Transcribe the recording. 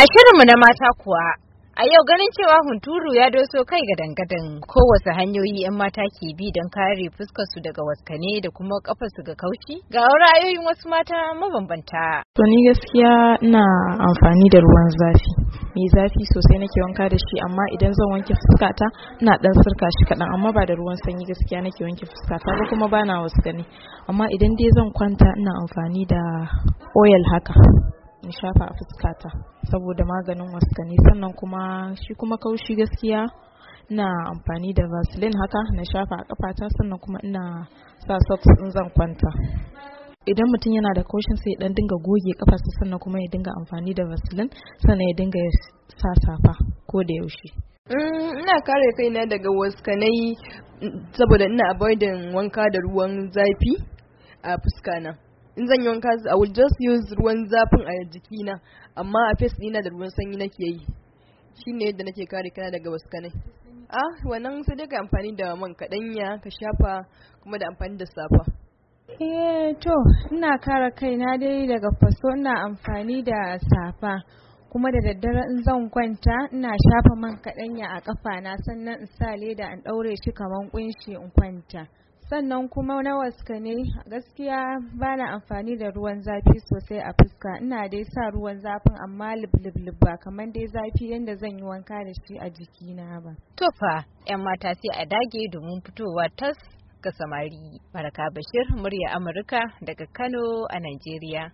A shirinmu na mata kuwa, a yau ganin cewa hunturu ya doso kai ga dangadan kowace hanyoyi 'yan mata ke bi don kare fuskarsu daga waskane da kuma kafarsu ga kaushi ga ra'ayoyin wasu mata mabambanta. To ni gaskiya ina amfani da ruwan zafi. Mai zafi sosai nake wanka da shi amma idan zan wanke fuskata ina dan sirka shi kaɗan amma ba da ruwan sanyi gaskiya nake wanke fuskata ba kuma bana waskane amma idan dai zan kwanta ina amfani da oil haka. in shafa a fuskata saboda maganin waskani sannan kuma shi kuma kaushi gaskiya na amfani da vaseline haka na shafa a kafata sannan kuma ina sa socks in zan kwanta idan mutum yana da kaushin sai dan dinga goge kafarsa sannan kuma ya dinga amfani da vaseline sannan ya dinga sa safa ko da yaushe mm, ina kare kaina daga waskanai saboda ina avoiding wanka da ruwan zafi a fuska na. in zan yi wanka I will just use ruwan zafin a jikina amma a face dina da ruwan sanyi nake yi shine yadda nake kare kana daga waskanai ah wannan sai dai ka amfani da man kaɗanya ka shafa kuma da amfani da safa eh to ina kare kaina dai daga faso ina amfani da safa kuma da daddare in zan kwanta ina shafa man kaɗanya a na sannan in sa leda in ɗaure shi kaman kunshi in kwanta sannan kuma na waska ne gaskiya ba na amfani da ruwan zafi sosai a fuska ina dai sa ruwan zafin amma liblib ba kamar dai zafi yadda zan yi wanka da shi a jikina ba to fa yan mata sai a dage domin fitowa tas ga samari baraka bashir murya amurka daga kano a nigeria